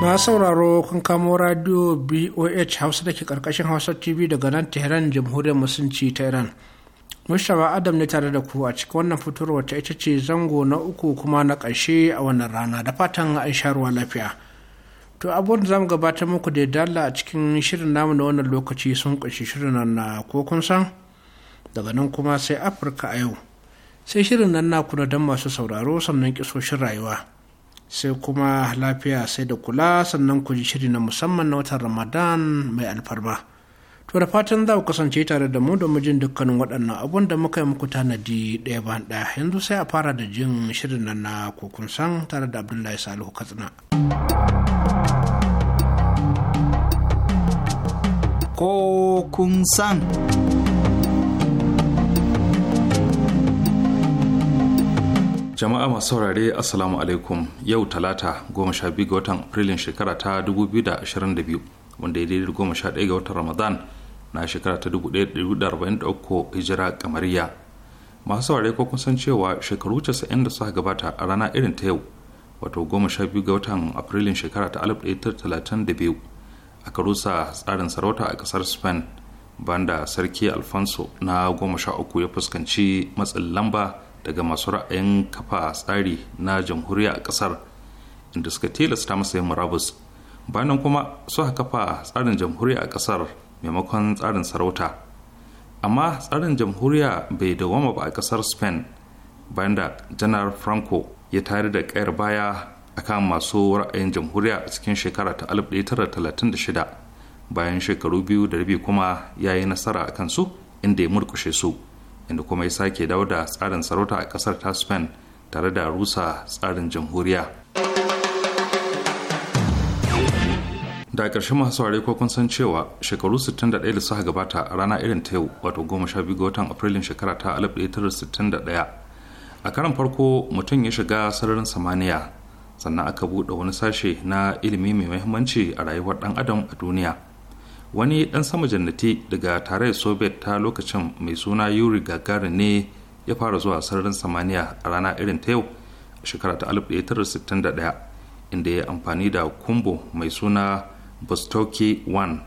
na sauraro kun kamo radio boh hausa da ke karkashin hausa tv daga nan tehran jamhuriyar musulunci ta iran mushawa adam ne tare da ku a cikin wannan fitowar ta ita ce zango na uku kuma na ƙarshe a wannan rana da fatan aisha ruwa lafiya to abubuwan da zamu gabatar muku da dala a cikin shirin namu na wannan lokaci sun ƙunshi shirin nan na ko kun san daga nan kuma sai afirka a yau sai shirin nan na kuna don masu sauraro sannan kisoshin rayuwa sai kuma lafiya sai da kula sannan ku ji shiri na musamman na watan ramadan mai alfarma to da fatan za ku kasance tare da mu domin jin dukkanin waɗannan abun da muka yi muku tanadi ɗaya bayan ɗaya yanzu sai a fara da jin shirin nan na kokun san tare da abdullahi salihu katsina kokun san jama'a masu saurare assalamu alaikum yau talata goma sha biyu ga watan afrilin shekara ta 2022 wanda ya daidai goma sha ɗaya ga watan ramadan na shekara ta 1443 hijira kamariya masu saurare ko kun san cewa shekaru 90 da suka gabata a rana irin ta yau wato goma sha biyu ga watan afrilin shekara ta 1932 aka rusa tsarin sarauta a kasar spain banda sarki alfonso na goma sha uku ya fuskanci matsin lamba daga masu ra'ayin kafa tsari na jamhuriya a kasar inda suka tilasta masa yin murabus bayan kuma suka kafa tsarin jamhuriya a kasar maimakon tsarin sarauta amma tsarin jamhuriya bai dawama ba a kasar spain bayan da janar franco ya tare da kayar baya akan masu ra'ayin jamhuriya a cikin shekara ta 1936 bayan shekaru biyu da rabi kuma ya yi nasara a kansu inda ya murkushe su inda kuma ya sake dawo da tsarin sarauta a kasar ta spain tare da rusa tsarin jamhuriya da ƙarshen masu saurare ko kun san cewa shekaru 61 da suka gabata a rana irin ta yau wato 12 ga watan afrilun shekara ta 1961 a karan farko mutum ya shiga sararin samaniya sannan aka buɗe wani sashe na ilimi mai muhimmanci a rayuwar ɗan adam a duniya wani ɗan sama jannati daga tarayyar soviet ta lokacin mai suna yuri gagarin ne ya fara zuwa sararin samaniya a rana irin ta yau a shekara ta 1961 inda ya amfani da kumbo mai suna bostoki 1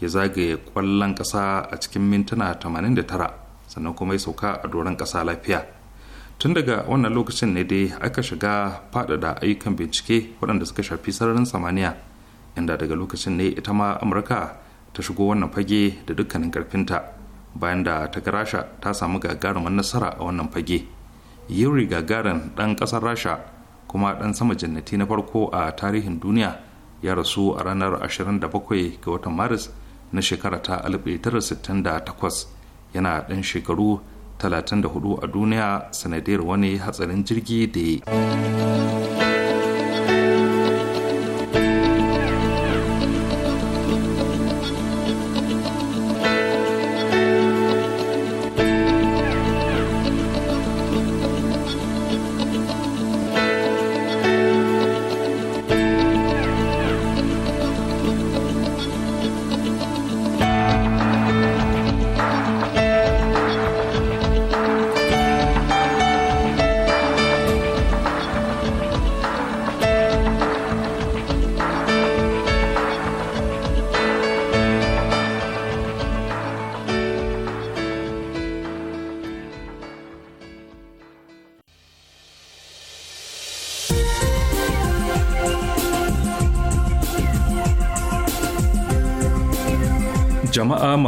ya zagaye kwallon ƙasa a cikin mintuna 89 sannan kuma ya sauka a doron ƙasa lafiya tun daga wannan lokacin ne dai aka shiga faɗaɗa ayyukan bincike waɗanda suka shafi sararin samaniya inda daga lokacin ne ita ma amurka ta shigo wannan fage da dukkanin karfinta bayan da ta ga rasha ta samu gagarumin nasara a wannan fage yuri gagarin dan kasar rasha kuma dan sama jannati na farko a tarihin duniya ya rasu a ranar 27 ga watan maris na shekara ta 1968 yana dan shekaru 34 a duniya sanadiyar wani hatsarin jirgi da ya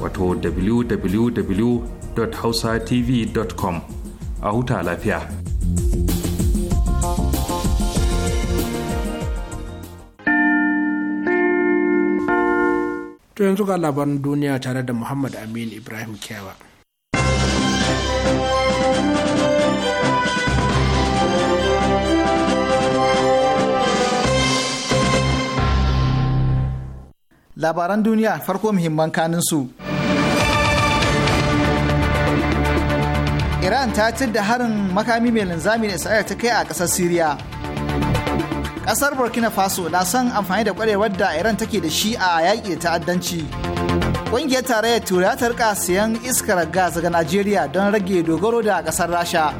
wato www.hausatv.com a huta lafiya. To yanzu ga labaran duniya tare da Muhammad Amin Ibrahim kewa labaran duniya farko muhimman kanin su. Iran ta cid da harin makami mai linzami da Isra'ila ta kai a ƙasar Siriya. Ƙasar Burkina Faso na son amfani da ƙwarewar da Iran take da shi a yaƙi da ta'addanci. Ƙungiyar tarayyar Turai ta rika siyan iskar gas daga Najeriya don rage dogaro da ƙasar Rasha.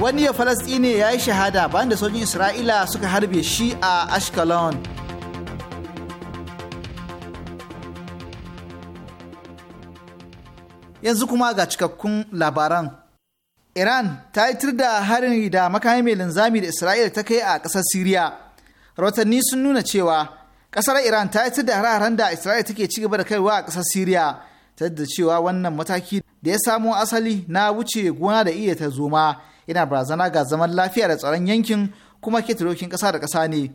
Wani ya ne ya yi shahada bayan da sojin Isra'ila suka harbe shi a Ashkelon. yanzu kuma ga cikakkun labaran iran ta yi da harin da makami mai linzami da isra'ila ta kai a ƙasar siriya rahotanni sun nuna cewa ƙasar iran ta yi da hararen da isra'ila take ci gaba da kaiwa a ƙasar siriya ta da cewa wannan mataki da ya samo asali na wuce gona da iya ta zoma yana barazana ga zaman lafiya da tsaron yankin kuma ke ƙasa da ƙasa ne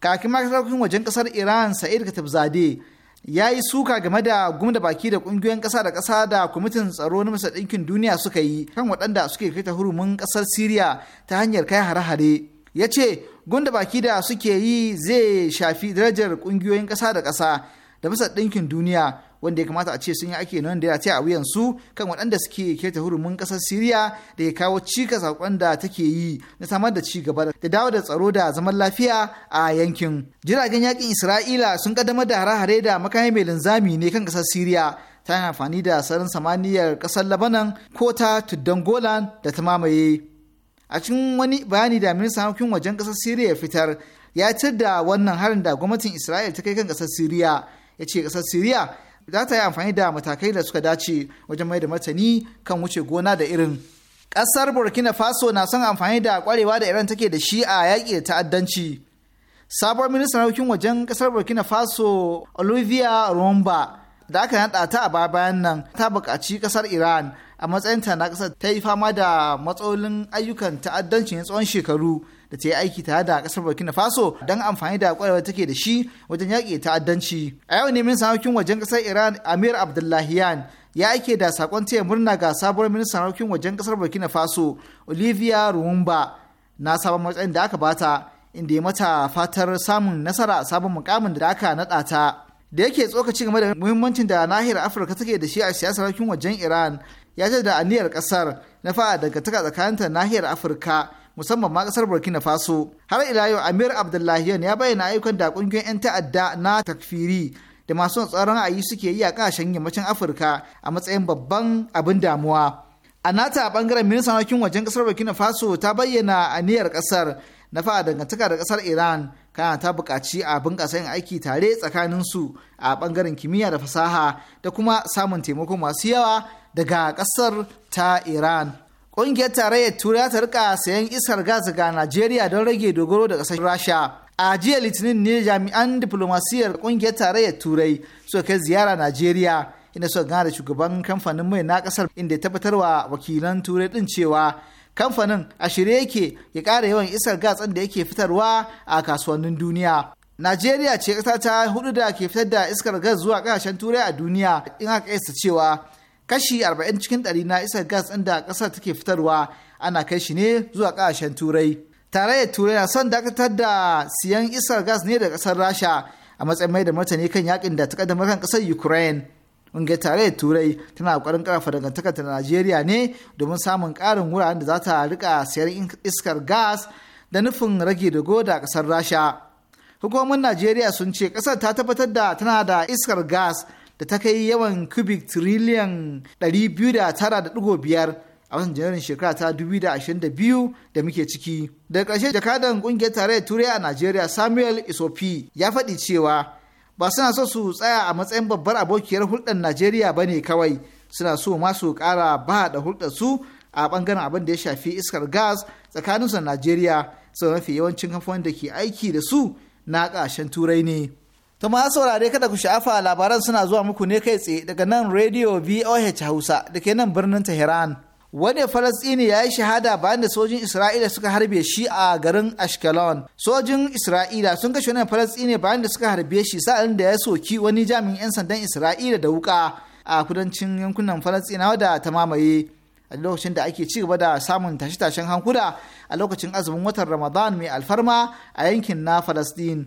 kakin makasarkin wajen ƙasar iran sa'id katabzade ya yi suka game da gumda baki da kungiyoyin ƙasa da ƙasa da kwamitin tsaro na masa Ɗinkin Duniya suka yi kan waɗanda suke kai ta hurumin ƙasar Siriya ta hanyar kai hare-hare. Ya ce gumda baki da suke yi zai shafi darajar kungiyoyin ƙasa da ƙasa da masa Ɗinkin Duniya wanda ya kamata a ce sun yi ake nan da ya a wuyansu. kan waɗanda suke keta hurumin ƙasar Siriya da ya kawo cika saƙon da take yi na samar da ci gaba da dawo da tsaro da zaman lafiya a yankin. Jiragen yakin Isra'ila sun ƙaddamar da hare-hare da makami mai linzami ne kan ƙasar Siriya ta yi amfani da sarin samaniyar ƙasar Labanan ko ta tuddan Golan da ta mamaye. A cikin wani bayani da ministan harkokin wajen ƙasar Siriya ya fitar ya da wannan harin da gwamnatin Isra'ila ta kai kan ƙasar Siriya ya ce ƙasar Siriya za ta yi amfani da matakai da suka dace wajen mai da martani kan wuce gona da irin. Ƙasar Burkina Faso na son amfani da ƙwarewa da Iran take da shi a yaƙi da ta'addanci. Sabuwar ministan harkokin wajen ƙasar Burkina Faso Olivia Romba da aka naɗa ta a baya bayan nan ta buƙaci ƙasar Iran a matsayinta na ƙasar ta yi fama da matsalolin ayyukan ta'addanci na tsawon shekaru. da ta yi aiki tare da kasar burkina faso don amfani da kwarewar take da shi wajen yaƙi ta'addanci a yau ne min sanokin wajen kasar iran amir abdullahiyan ya aike da sakon taya murna ga sabuwar ministan harkokin wajen kasar burkina faso olivia rumba na sabon matsayin da aka bata inda ya mata fatar samun nasara a sabon mukamin da aka naɗa ta da yake tsokaci game da muhimmancin da nahiyar afirka take da shi a siyasar rakin wajen iran ya ce da aniyar kasar na fa'a daga taka tsakaninta nahiyar afirka musamman ma kasar burkina faso har ila yau amir Abdullahi, ya bayyana ayyukan da kungiyoyin 'yan ta'adda na takfiri da masu tsaron ayi suke yi a kasashen yammacin afirka a matsayin babban abin damuwa a nata a bangaren ministan harkokin wajen kasar burkina faso ta bayyana aniyar kasar na fa'a dangantaka da kasar iran kana ta buƙaci a bunƙasa yin aiki tare tsakanin su a bangaren kimiyya da fasaha da kuma samun taimako masu yawa daga kasar ta iran ƙungiyar tarayyar turai ta rika sayan isar gas ga najeriya don rage dogaro da ƙasar rasha a jiya litinin ne jami'an diflomasiyyar ƙungiyar tarayyar turai suka kai ziyara najeriya inda suka gana da shugaban kamfanin mai na ƙasar inda ya tabbatar wa wakilan turai din cewa kamfanin a shirye yake ya ƙara yawan isar gas da yake fitarwa a kasuwannin duniya najeriya ce ƙasa ta hudu da ke fitar da iskar gas zuwa ƙasashen turai a duniya in aka cewa kashi 40 cikin ɗari na isa gas ɗin da ƙasar take fitarwa ana kai shi ne zuwa kasashen turai tarayyar turai na son dakatar da siyan isar gas ne da ƙasar rasha a matsayin mai da martani kan yakin da ta kaddamar kan ƙasar ukraine ƙungiyar tarayyar turai tana ƙoƙarin ƙarfafa dangantakar ta najeriya ne domin samun ƙarin wuraren da za ta rika siyan iskar gas da nufin rage dago da ƙasar rasha hukumomin najeriya sun ce ƙasar ta tabbatar da tana da iskar gas da ta kai yawan cubic trillion 209.5 a watan janairun shekara ta 2022 da muke ciki. Daga ƙarshe jakadan ƙungiyar tarayyar turai a Najeriya Samuel Isopi ya faɗi cewa ba suna so su tsaya a matsayin babbar abokiyar hulɗar Najeriya ba ne kawai suna so masu ƙara ba da hulɗar su a ɓangaren abin da ya shafi iskar gas tsakaninsu na Najeriya sau mafi yawancin kamfanin da ke aiki da su na ƙasashen turai ne. To ma saurare kada ku sha'afa labaran suna zuwa muku ne kai tsaye daga nan Radio VOH Hausa da ke nan birnin Tehran. Wani Falasɗini ya yi shahada bayan da sojin Isra'ila suka harbe shi a garin Ashkelon. Sojin Isra'ila sun kashe wani Falasɗini bayan da suka harbe shi sa'an da ya soki wani jami'in 'yan sandan Isra'ila da wuka a kudancin yankunan Falasɗinawa da ta mamaye. a lokacin da ake ci gaba da samun tashe-tashen hankula a lokacin azumin watan Ramadan mai alfarma a yankin na Falasɗin.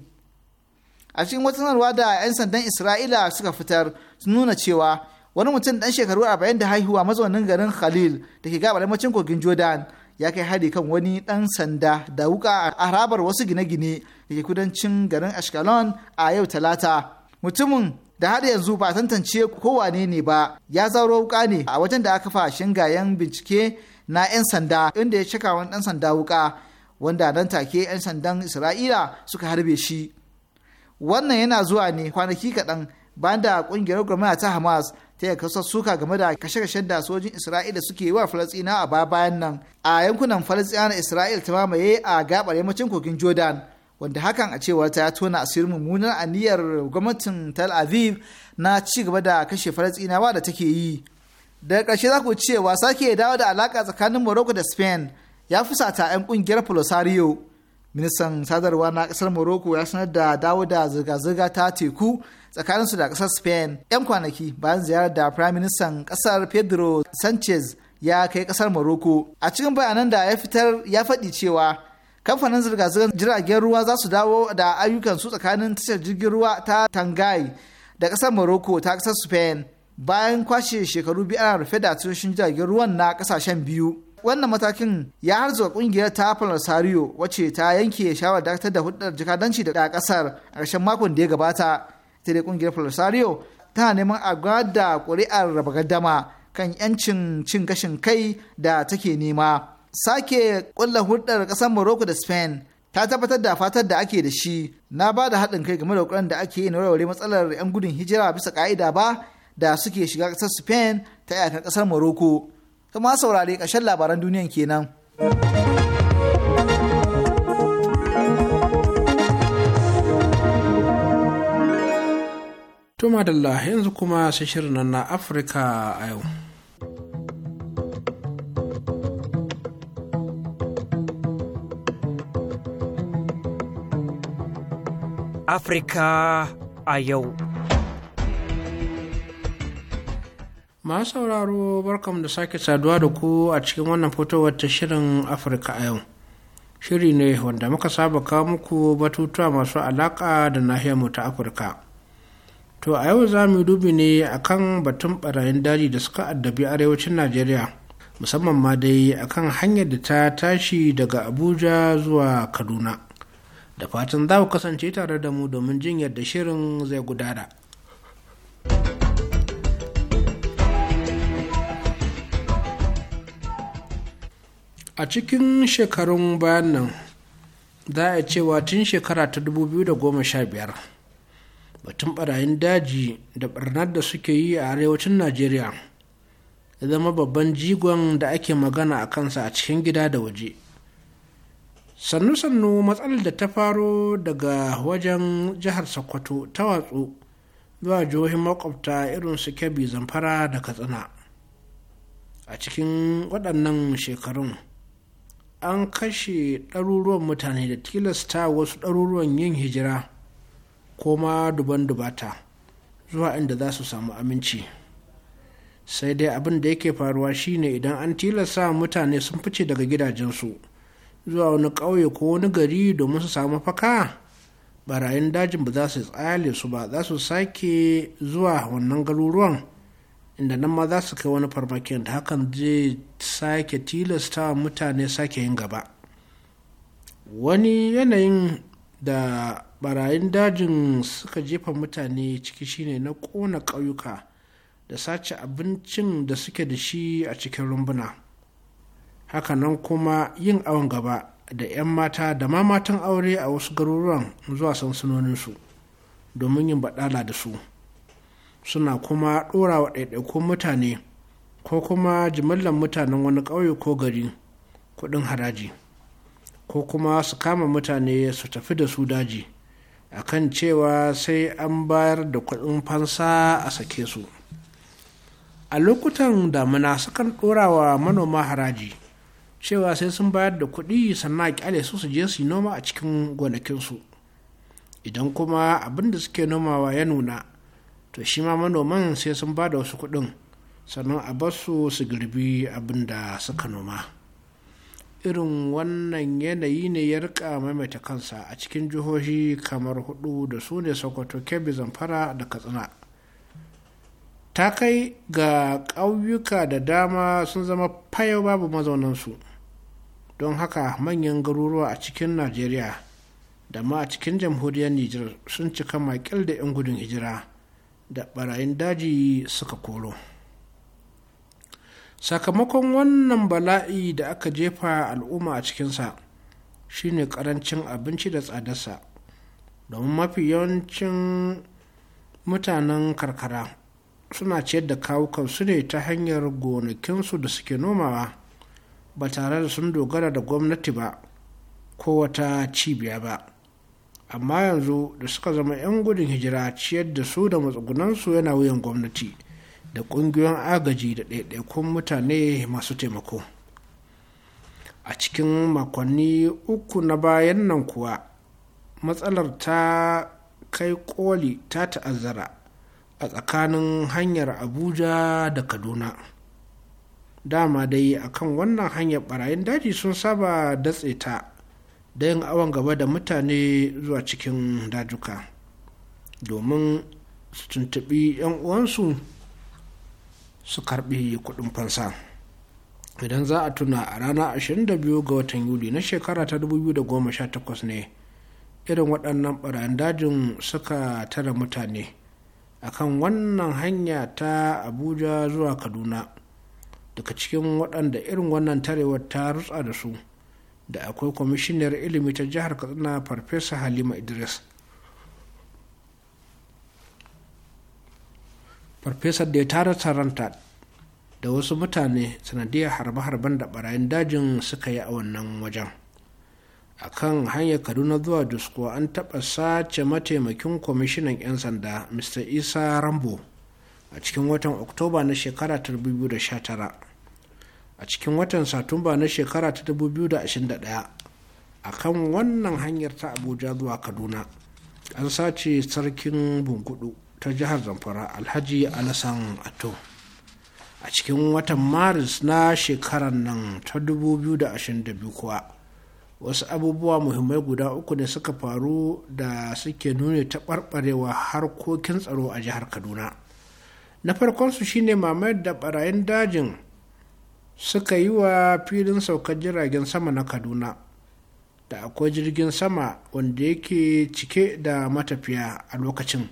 a cikin wata sanarwa da 'yan sandan isra'ila suka fitar sun nuna cewa wani mutum dan shekaru 40 da haihuwa mazaunin garin khalil da ke gaba lamacin kogin jordan ya kai hari kan wani dan sanda da wuka a harabar wasu gine-gine da ke kudancin garin ashkelon a yau talata mutumin da har yanzu ba tantance kowane ne ba ya zauro wuka ne a wajen da aka fa shingayen bincike na 'yan sanda inda ya cika wani dan sanda wuka wanda nan take 'yan sandan isra'ila suka harbe shi wannan yana zuwa ne kwanaki kaɗan bayan da ƙungiyar gwamnati ta hamas ta yi kasar suka game da kashe-kashen da sojin isra'ila suke yi wa falastina a baya bayan nan a yankunan falastina isra'ila ta mamaye a gabar yammacin kogin jordan wanda hakan a cewar ta ya tona asirin mummunar aniyar gwamnatin tel aviv na ci gaba da kashe falastinawa da take yi daga ƙarshe za ku cewa sake dawo da alaƙa tsakanin morocco da spain ya fusata 'yan ƙungiyar polisario ministan sadarwa na kasar morocco ya sanar da dawo da zirga-zirga ta teku tsakaninsu da kasar spain 'yan kwanaki bayan ziyarar da prime ministan kasar pedro sanchez ya kai kasar morocco a cikin bayanan da ya fitar ya faɗi cewa kamfanin zirga-zirgar jiragen ruwa za su dawo da ayyukansu tsakanin tashar jirgin ruwa ta tangai da kasar morocco ta kasar spain bayan kwashe shekaru biyu ana rufe da tashoshin jiragen ruwan na kasashen biyu wannan matakin ya harzuwa kungiyar ta polisario wacce ta yanke shawarar dakatar da hudar jakadanci da kasar a ƙarshen makon da ya gabata ita dai kungiyar polisario ta neman a da ƙuri'ar raba gaddama kan yancin cin gashin kai da take nema sake ƙulla hudar kasar morocco da spain ta tabbatar da fatar da ake da shi na ba da haɗin kai game da ƙoƙarin da ake yi na warware matsalar 'yan gudun hijira bisa ka'ida ba da suke shiga kasar spain ta iyakar ƙasar morocco ma saurare ƙarshen labaran duniyan kenan. To madalla yanzu kuma sai shirin na Afirka a yau. Afirka a yau. masu sauraro barkam da sake saduwa da ku a cikin wannan fitowar ta shirin afirka a yau shiri ne wanda muka saba kawo muku batutuwa masu alaƙa da mu ta afirka to a yau za mu dubi ne akan batun barayin daji da suka addabi arewacin najeriya musamman ma dai akan hanyar da ta tashi daga abuja zuwa kaduna da fatan za ku kasance tare da mu domin jin yadda shirin zai gudana. a cikin shekarun bayan nan za a cewa tun shekara ta 2015 batun barayin daji da barnar da suke yi a arewacin najeriya ya zama babban jigon da ake magana a kansa a cikin gida da waje sannu-sannu matsalar da ta faro daga wajen jihar sokoto ta watsu zuwa jihohin makwabta irin su kebbi zamfara da katsina a cikin waɗannan shekarun an kashe ɗaruruwan mutane da tilasta wasu ɗaruruwan yin hijira ko ma duban dubata zuwa inda za su samu aminci sai dai abin da yake faruwa shine idan an tilasta mutane sun fice daga gidajensu zuwa wani ƙauye ko wani gari domin su samu faka barayin dajin ba za su tsale su ba za su sake zuwa wannan garuruwan inda nan ma za su kai wani farmakin da hakan zai sake tilasta mutane sake yin gaba wani yanayin da barayin dajin suka jefa mutane ciki shine na kona ƙauyuka da sace abincin da suke da shi a cikin rumbuna hakanan kuma yin awon gaba da 'yan mata da ma matan aure a wasu garuruwan zuwa sansanoninsu domin yin baɗala da su suna kuma ɗora wa ɗaiɗaikun mutane ko kuma jimillar mutanen wani ƙauye ko gari kuɗin haraji ko kuma su kama mutane su tafi da su daji a kan cewa sai an bayar da kuɗin fansa a sake su a lokutan damina sukan ɗora wa manoma haraji cewa sai sun bayar da kuɗi sannan a kyale su su je su noma a cikin gonakinsu idan kuma abin da suke nomawa ya nuna to shi ma manoman sai sun ba da wasu kuɗin sannan a basu su girbi abin da suka noma irin wannan yanayi ne ya rika maimaita kansa a cikin jihohi kamar hudu da su ne sokoto kebbi zamfara da katsina ta kai ga ƙauyuka da dama sun zama fayau babu mazaunansu don haka manyan garuruwa a cikin najeriya da ma a cikin jamhuriyar nijar sun cika makil da 'yan gudun hijira da barayin daji suka koro sakamakon wannan bala'i da aka jefa al'umma a cikinsa shine karancin abinci da tsadarsa domin mafi yawancin mutanen karkara suna ciyar da kawukan su ne ta hanyar gonakinsu da suke nomawa ba tare da sun dogara da gwamnati ba ko wata cibiya ba amma yanzu da suka zama 'yan gudun hijira ciyar da su da matsugunansu yana wuyan gwamnati da ƙungiyoyin agaji da ɗaiɗaikun mutane masu taimako a cikin makonni uku na bayan nan kuwa matsalar ta kai koli ta ta'azzara a tsakanin hanyar abuja da kaduna dama dai akan wannan hanyar barayin daji sun saba datse ta da yin awon gaba da mutane zuwa cikin dajuka domin su tuntuɓi 'yan uwansu su karɓi kuɗin fansa idan za a tuna a rana 22 ga watan yuli na shekara ta 2018 ne irin waɗannan ɓarayin dajin suka tara mutane a kan wannan hanya ta abuja zuwa kaduna daga cikin waɗanda irin wannan tarewar ta rutsa da su da akwai kwamishinar ilimi ta jihar katsina farfesa halima idris Farfesa da ya tara taranta da wasu mutane sanadiyar harbe-harben da barayin dajin suka yi a wannan wajen a kan hanyar kaduna zuwa dusko an taɓa sace mataimakin kwamishinan 'yan sanda mr isa rambo a cikin watan oktoba na shekara 2019 a cikin watan satumba na shekara ta 2021 a kan wannan hanyar ta abuja zuwa kaduna an sace sarkin bunkudu ta jihar zamfara alhaji alasan ato a cikin watan maris na shekarar nan ta 2022 kuwa wasu abubuwa muhimmai guda uku ne suka faru da suke nuna taɓarɓarewa harkokin tsaro a jihar kaduna na farkonsu shine mamayar da ɓarayin dajin suka yi wa filin saukar jiragen sama na kaduna da akwai jirgin sama wanda yake cike da matafiya a lokacin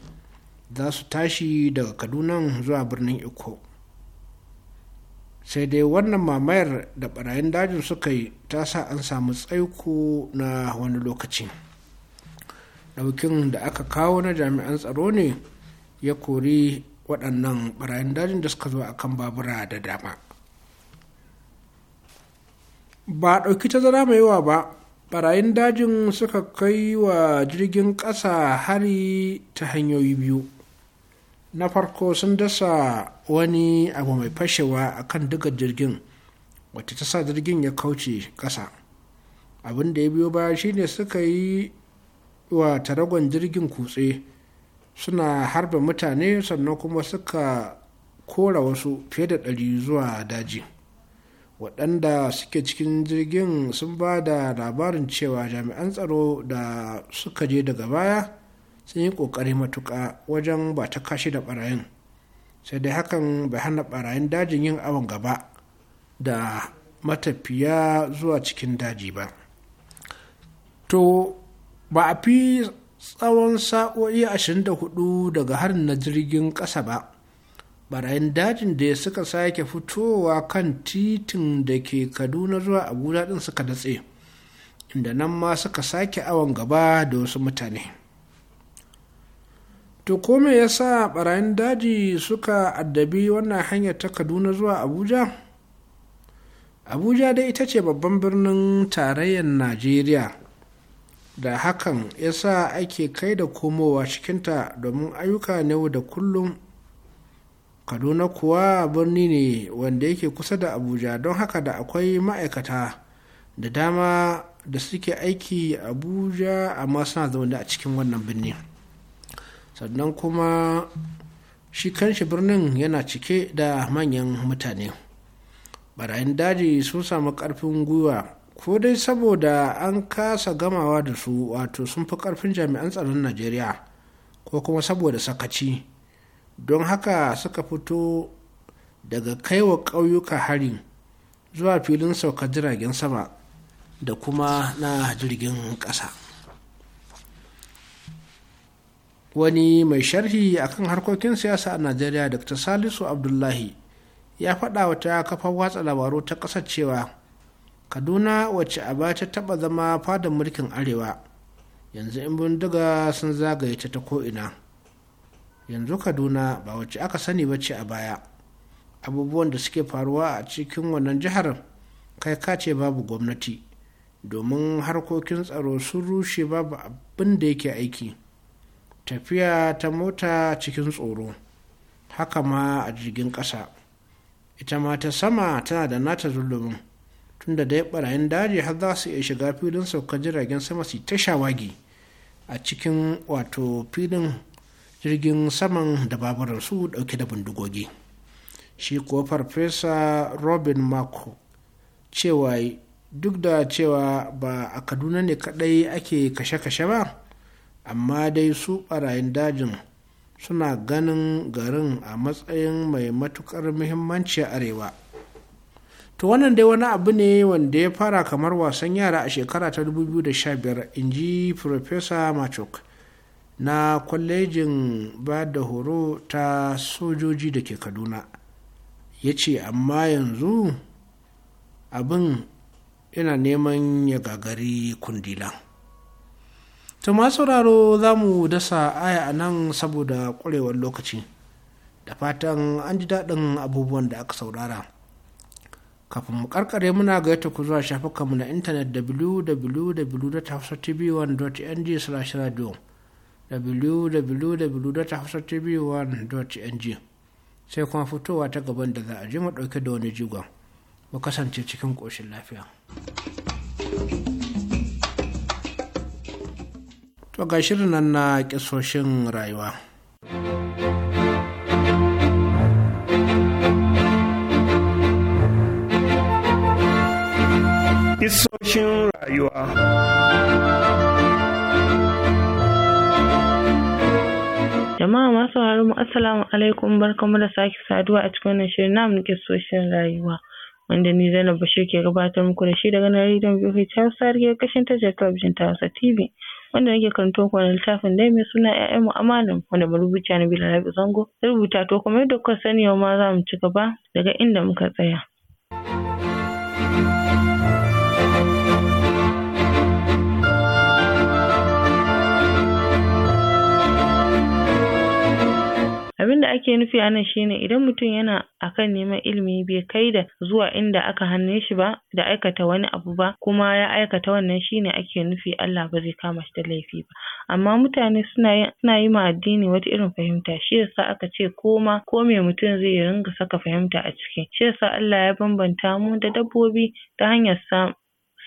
za su tashi daga kaduna zuwa birnin iko sai dai wannan mamayar da barayin dajin suka yi ta sa an samu tsaiko na wani lokaci daukin da aka kawo na jami'an tsaro ne ya kori waɗannan barayin dajin da suka zo akan babura da dama ba a ɗauki tazara mai yawa ba barayin dajin suka kai wa jirgin ƙasa hari ta hanyoyi biyu na farko sun dasa wani abu mai fashewa a kan duka jirgin wacce ta sa jirgin ya kauce ƙasa abin da ya biyo baya shine suka yi wa taragon jirgin kutse suna harba mutane sannan kuma suka kora wasu fiye da ɗari zuwa daji waɗanda suke cikin jirgin sun ba da labarin cewa jami'an tsaro da suka je daga baya sun yi ƙoƙari matuƙa wajen ba ta kashi da ɓarayin sai dai hakan bai hana ɓarayin dajin yin awon gaba da matafiya zuwa cikin daji ba to ba a fi tsawon sa'o'i 24 daga harin na jirgin ƙasa ba barayin dajin da suka sake fitowa kan titin da ke kaduna zuwa abuja din suka datse inda nan ma suka sake awon gaba da wasu mutane to kome ya sa barayin daji suka addabi wannan hanyar ta kaduna zuwa abuja abuja dai ita ce babban birnin tarayyar najeriya da hakan ya sa ake kai da komowa cikinta domin ayyuka na yau da kullum kaduna kuwa birni ne wanda yake kusa da abuja don haka da akwai ma'aikata da dama da suke aiki abuja amma suna zaune a cikin wannan birni sannan kuma shi kanshi birnin yana cike da manyan mutane barayin daji sun samu karfin gwiwa ko dai saboda an kasa gamawa da su wato sun fi karfin jami'an tsaron najeriya ko kuma saboda sakaci don haka suka fito daga kaiwa ƙauyuka harin zuwa filin sauka jiragen sama da kuma na jirgin ƙasa wani mai sharhi akan harkokin siyasa a najeriya dr salisu abdullahi ya faɗa wata kafar watsa labaru ta ƙasa cewa kaduna wacce a baya ta taɓa zama fadar mulkin arewa yanzu in bindiga sun zagaye ta ko'ina yanzu kaduna ba wacce aka sani ba ce a baya abubuwan da suke faruwa a cikin wannan jihar kai kace babu gwamnati domin harkokin tsaro sun rushe babu abin da yake aiki tafiya ta mota cikin tsoro haka ma a jirgin ƙasa ita ma ta sama tana da nata zulumin tunda dai barayin daji har za su iya shiga filin saukar jiragen sama su ta shawagi a cikin wato filin jirgin saman da baburan su dauke da bindigogi shi kuwa farfesa robin mako cewa duk da cewa ba a kaduna ne kadai ake kashe-kashe ba amma dai su barayin dajin suna ganin garin a matsayin mai matukar muhimmanci a arewa to wannan dai wani abu ne wanda ya fara kamar wasan yara a shekara ta 2015 inji Profesa machuk na kwalejin ba da horo ta sojoji da ke kaduna ya ce amma yanzu abin yana neman ya gagari kundila to masu sauraro za mu dasa aya a nan saboda ƙwarewar lokaci da fatan an ji daɗin abubuwan da aka saurara kafin mu karkare muna gaita ku zuwa shafukanmu na intanet wwwtv 1ng radio www.hausatv1.ng sai kuma fitowa ta gaban da za a ji mu da wani jigon mu kasance cikin koshin lafiya. To ga shirin nan na kisoshin rayuwa. Ƙisoshin rayuwa. Jama'a masu sauraron mu Assalamu alaikum barkamu da sake saduwa a cikin wannan shirin namu na kisoshin rayuwa wanda ni Zainab Bashir ke gabatar muku da shi daga nan rediyon VOH Hausa da ke kashin tashar talabijin ta Hausa TV wanda nake karanto ko wannan littafin dai mai suna yayan mu amanan wanda marubuciya na Rabi Zango rubuta to kuma yadda kuka sani yau ma za mu ci gaba daga inda muka tsaya. Abin da ake nufi anan shine, idan mutum yana akan neman ilimi bai kai da zuwa inda aka hane shi ba da aikata wani abu ba kuma ya aikata wannan shine ake nufi Allah ba zai kama shi da laifi ba. Amma mutane suna yi ma addini wata irin fahimta shi yasa aka ce ko ma ko me mutum zai ringa saka fahimta a ciki. Shi yasa Allah ya bambanta mu da dabbobi ta hanyar sa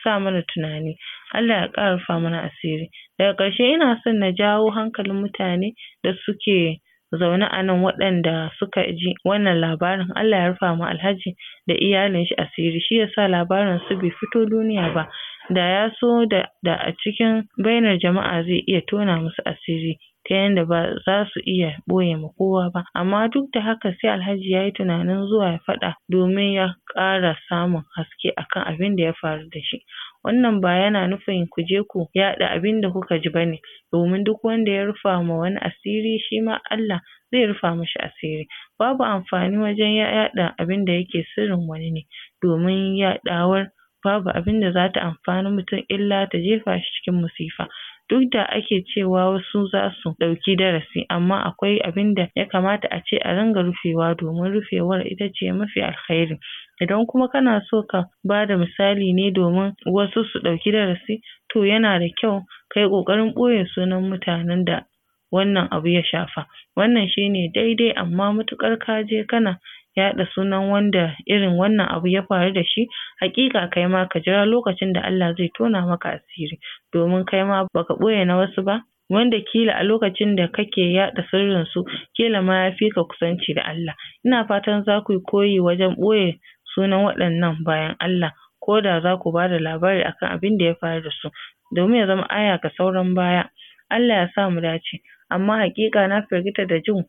sa mana tunani. Allah ya ƙara mana asiri. Daga ƙarshe ina son na jawo hankalin mutane da suke zaune a nan waɗanda suka ji wannan labarin Allah ya rufa ma Alhaji da iyalin shi asiri shi yasa labarin su bai fito duniya ba da ya so da a cikin bainar jama'a zai iya tona musu asiri ta yanda ba za su iya ɓoye ma kowa ba amma duk da haka sai Alhaji yayi tunanin zuwa ya faɗa domin ya ƙara samun haske akan da ya faru da shi wannan ba yana nufin ku je ku yaɗa abin da kuka ji bane domin duk wanda ya rufa ma wani asiri shi ma Allah zai rufa mishi asiri babu amfani wajen yaɗa abin da yake sirrin wani ne domin yaɗawar babu abinda zata amfani mutum illa ta jefa shi cikin masifa duk da ake cewa wasu za su ɗauki darasi amma akwai abinda ya kamata a ce a ringa rufewa domin rufewar ita ce mafi alkhairi idan kuma kana so ka bada misali ne domin wasu su ɗauki darasi to yana da kyau kayi ƙoƙarin ɓoye sunan mutanen da wannan abu ya shafa wannan shine daidai amma matuƙar kaje kana yaɗa sunan wanda irin wannan abu ya faru da shi haƙiƙa ma ka jira lokacin da Allah zai tona maka asiri domin kai ma baka ɓoye na wasu ba wanda kila a lokacin da kake yaɗa sirrin su kila ma ya fi ka kusanci da Allah ina fatan zaku yi koyi wajen ɓoye sunan waɗannan bayan Allah ko da za zaku da labari akan abin da ya faru da su domin ya zama aya ga sauran baya Allah ya sa mu dace amma haƙiƙa na firgita da jin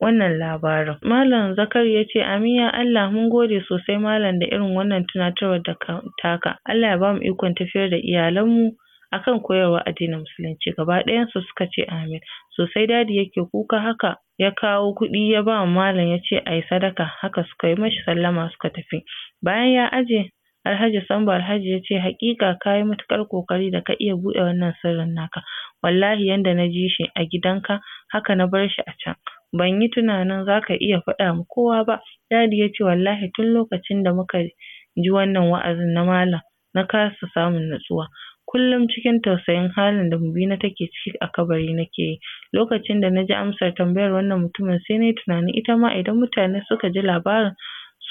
wannan labarin. Malam Zakari yace ce amin ya Allah mun gode sosai malam da irin wannan tunatarwar da ka taka. Allah ya bamu ikon tafiyar da iyalanmu akan koyarwar addinin musulunci gaba ɗayansu suka ce amin sosai dadi yake kuka haka ya kawo kuɗi ya ba malam yace ayi sadaka haka suka yi mashi sallama suka tafi bayan ya aje Alhaji Sambo Alhaji yace ce haƙiƙa ka yi matuƙar ƙoƙari da ka iya buɗe wannan sirrin naka wallahi yanda na ji shi a gidan ka, haka na bar shi a can ban yi tunanin zaka iya faɗa ma kowa ba Dadi ya ce wallahi tun lokacin da muka ji wannan wa'azin na malam na kasa samun natsuwa kullum cikin tausayin halin da Mubina take ciki a kabari nake yi lokacin da na ji amsar tambayar wannan mutumin sai nayi tunanin ita ma idan mutane suka ji labarin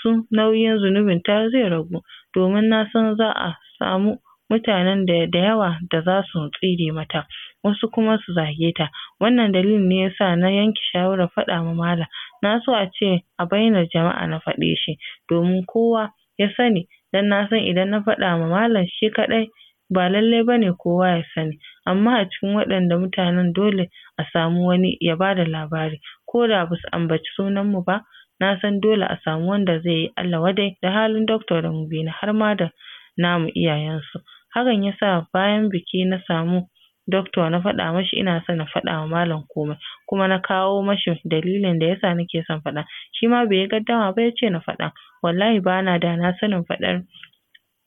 su nauyin zunubin ta zai ragu domin na san za a samu mutanen da yawa da za su tsine mata wasu kuma su zage ta wannan dalilin ne yasa na yanke shawarar faɗa ma malam na so ace a bainar jama'a na faɗe shi domin kowa ya sani dan nasan idan na faɗa ma malam shi kaɗai ba lallai bane kowa ya sani amma a cikin waɗanda mutanen dole a samu wani ya bada labari koda basu ambaci sunan mu ba nasan dole a samu wanda zai yi Allah wadai da halin da Mubina har ma da namu iyayen su hakan yasa bayan biki na samu doctor na faɗa mashi ina son na faɗa wa malam komai kuma na kawo mashi dalilin da yasa nake son faɗa shima bai yi gaddama ba yace na faɗa wallahi bana da na sanin faɗar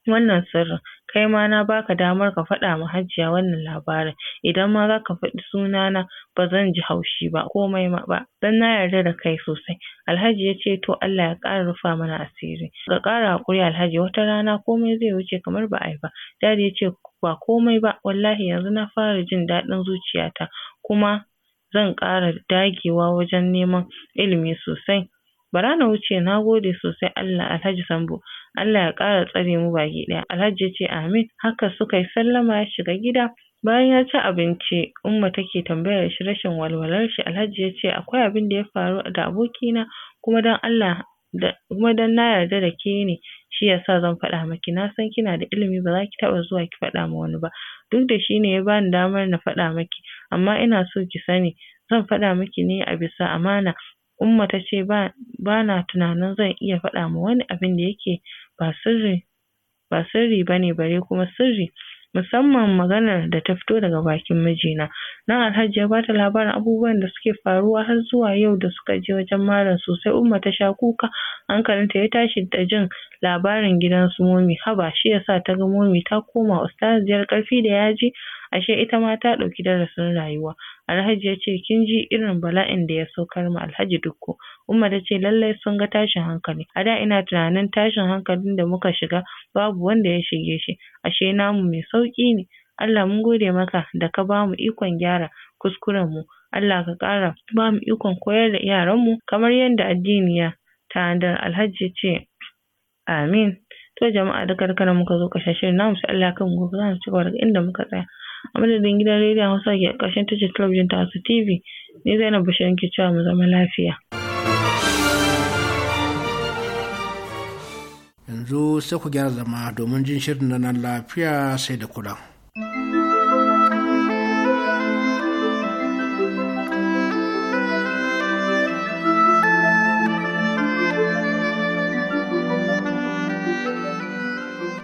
wannan sirrin kai ma na baka damar ka faɗa ma Hajiya wannan labarin idan ma zaka faɗi sunana bazan ji haushi ba komai ma ba dan na yarda da kai sosai Alhaji yace to Allah ya ƙara rufa mana asiri ka ƙara haƙuri Alhaji wata rana komai zai wuce kamar ba'a yi ba Dadi yace ba komai ba wallahi yanzu na fara jin daɗin zuciyata kuma zan ƙara dagewa wajen neman ilimi sosai bara na wuce na gode sosai Allah Alhaji Sambo Allah ya ƙara tsare mu baki ɗaya Alhaji ya ce amin haka suka yi sallama ya shiga gida bayan ya ci abinci Umma take tambayar shi rashin walwalar shi Alhaji ya ce akwai abin da ya faru da abokina kuma don Allah kuma dan na yarda da ke ne shiyasa zan faɗa miki san kina da ilimi ba ki taɓa zuwa ki faɗa ma wani ba duk da shi ne ya bani damar na faɗa miki amma ina so ki sani zan faɗa miki ne a bisa amana Umma tace ce bana tunanin zan iya faɗa ma wani abin da yake ba sirri ba sirri bane bare kuma sirri musamman maganar da ta fito daga bakin mijina. Nan Alhaji ya bata labarin abubuwan da suke faruwa har zuwa yau da suka je wajen malam sosai Umma ta sha kuka hankalinta ya tashi da jin labarin gidan su momi haba shi yasa ta ga momi ta koma ustaziyar karfi da yaji ashe ita ma ta ɗauki darasin rayuwa Alhaji ya ce kin ji irin bala'in da ya saukar ma Alhaji Dikko Umma ta ce lallai sun ga tashin hankali a da ina tunanin tashin hankalin da muka shiga babu wanda ya shige shi ashe namu mai sauƙi ne Allah mun gode maka da ka bamu ikon gyara kuskuren mu Allah ka ƙara bamu ikon koyar da yaran mu kamar yadda addini ya tanadar Alhaji ya ce amin to jama'a da karkara muka zo ƙarshen shirin namu sai Allah ya kai mu gobe za mu ci gaba daga inda muka tsaya a madadin gidan rediyon hausa ke ƙarshen tashar talabijin ta hausa tv ni zainab bashir ke cewa mu zama lafiya yanzu sai ku gyara zama domin jin shirin na lafiya sai da kula.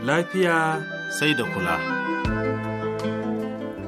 lafiya sai da kula.